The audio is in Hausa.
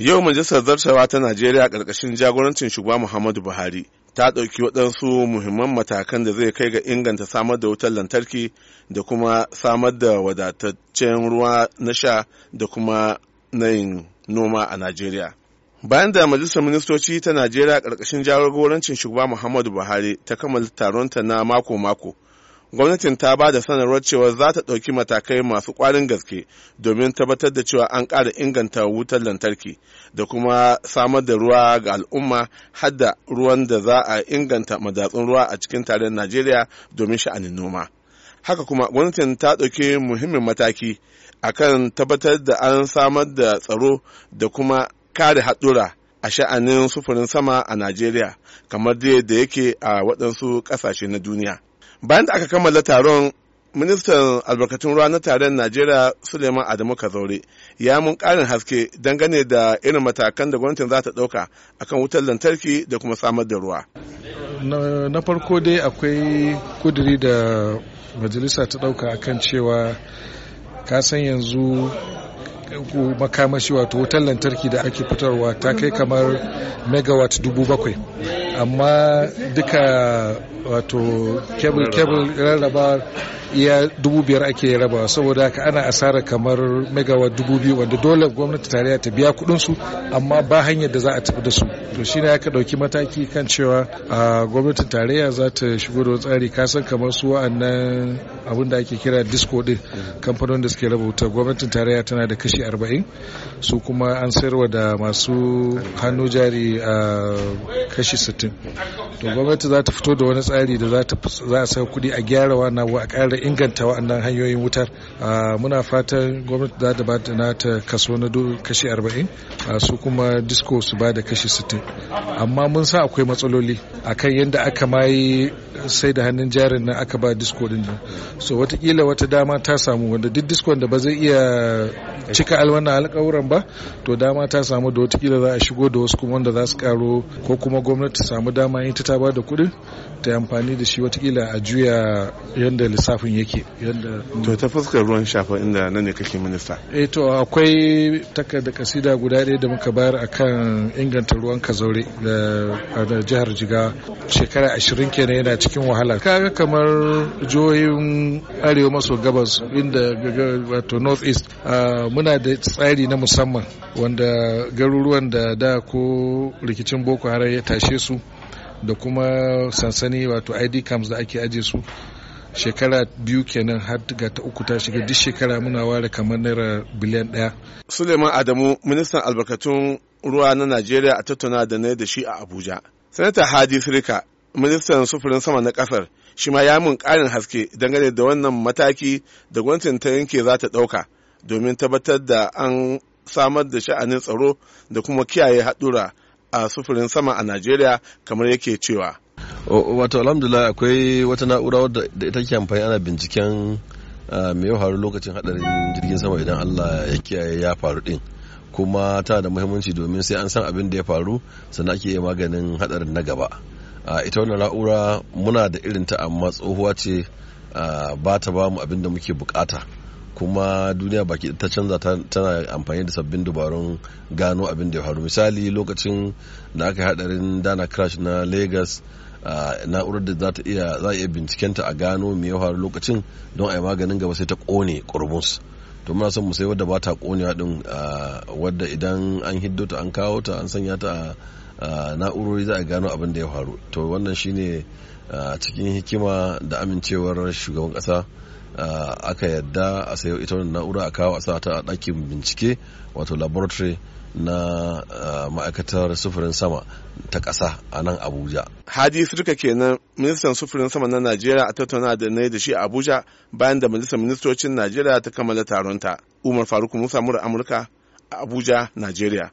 Yau majalisar zartawa ta Najeriya ƙarƙashin jagorancin shugaba Muhammadu Buhari ta ɗauki waɗansu muhimman matakan da zai kai ga inganta samar da wutar lantarki da kuma samar da wadataccen ruwa na sha da kuma na yin noma a Najeriya. Bayan da Majalisar Ministoci ta Najeriya ƙarƙashin jagorancin shugaba Muhammadu Buhari ta kammala taronta na mako-mako. gwamnatin ta ba da sanarwar cewa za ta ɗauki matakai masu ƙwarin gaske domin tabbatar da cewa an ƙara inganta wutar lantarki da kuma samar da ruwa ga al'umma hadda ruwan da za a inganta madatsun ruwa a cikin tarayyar najeriya domin sha'anin noma haka kuma gwamnatin ta ɗauki muhimmin mataki akan tabbatar da an samar da tsaro da kuma kare haɗura a sha'anin sufurin sama a najeriya kamar da yake a waɗansu ƙasashe na duniya bayan da aka kammala taron ministan albarkatun ruwa na taron najeriya suleiman adamu kazaure ya mun karin haske dangane da irin matakan da gwamnatin za ta dauka akan wutar lantarki da kuma samar da ruwa na farko dai akwai kuduri da majalisa ta dauka akan cewa ka san yanzu makamashi wato wutar lantarki da ake fitarwa ta kai kamar megawatt dubu bakwai amma duka wato kebul rarraba iya dubu biyar ake rabawa saboda haka ana asara kamar megawatt dubu biyu wanda dole gwamnati tarayya ta biya kudin su amma ba hanyar da za a tafi da su to shine aka dauki mataki kan cewa gwamnatin tarayya za ta shigo da tsari kasan kamar su wa'annan abin da ake kira disco din kamfanonin da suke raba wuta gwamnatin tarayya tana da kashi 40 su kuma an sayarwa da masu hannu jari a kashi to gwamnati za ta fito da wani tsari da za a sa kuɗi a gyara wannan a ƙara inganta wa'annan hanyoyin wutar muna fatan gwamnati za ta bada na ta kaso na kashi 40 su kuma disco su ba da kashi 60 amma mun sa akwai matsaloli akan yadda aka maye. sai da hannun jarin nan aka ba disco din nan so watakila wata dama ta samu wanda duk disco da ba zai iya cika alwannan alƙawuran ba to dama ta samu da watakila za a shigo da wasu kuma wanda za su karo ko kuma gwamnati samu dama yin ta ba da kuɗin ta amfani da shi watakila a juya yadda lissafin yake yadda to ta fuskar ruwan shafa inda nan ne kake minista eh to akwai takarda kasida guda ɗaya da muka bayar akan inganta ruwan kazaure da jihar jigawa shekara ashirin kenan yana cikin wahala kaga kamar jihohin arewa maso gabas inda wato north east muna da tsari na musamman wanda garuruwan da da ko rikicin boko haram ya tashe su da kuma sansani wato id camps da ake aje su shekara biyu kenan har ga ta uku ta shiga duk shekara muna ware kamar naira biliyan daya. Suleiman Adamu ministan albarkatun ruwa na Najeriya a tattauna da na da shi a Abuja. Sanata Hadi Sirika ministan sufurin sama na kasar shi ma ya mun karin haske dangane da wannan mataki da gwamnatin ta yanke za ta ɗauka domin tabbatar da an samar da sha'anin tsaro da kuma kiyaye haɗura a sufurin sama a najeriya kamar yake cewa wato alhamdulillah akwai wata na'ura da ita ke amfani ana binciken mai ya faru lokacin hadarin jirgin sama idan allah ya kiyaye ya faru din kuma tana da muhimmanci domin sai an san abin da ya faru sannan ake maganin hadarin na gaba ita wannan na'ura muna da irin ta amma tsohuwa ce ba ta ba mu abin da muke bukata kuma duniya baki ta canza tana amfani da sabbin dabarun gano abin da ya faru misali lokacin da aka hadarin dana crash na lagos na'urar da za ta iya za iya bincikenta a gano me ya faru lokacin don a yi maganin gaba sai ta kone kurmus to muna son mu sai wadda ba ta konewa din wadda idan an hiddo ta an kawo ta an sanya ta a. na'urori za a gano abin da ya faru to wannan shine cikin hikima da amincewar shugaban kasa aka yadda a sayo ita wannan na'ura a kawo a sa ta ɗakin bincike wato laboratory na ma'aikatar sufurin sama ta ƙasa a nan abuja hadi suka kenan ministan sufurin sama na najeriya a tattauna da na da shi a abuja bayan da majalisar ministocin najeriya ta kammala taronta umar faruk musa mura amurka a abuja najeriya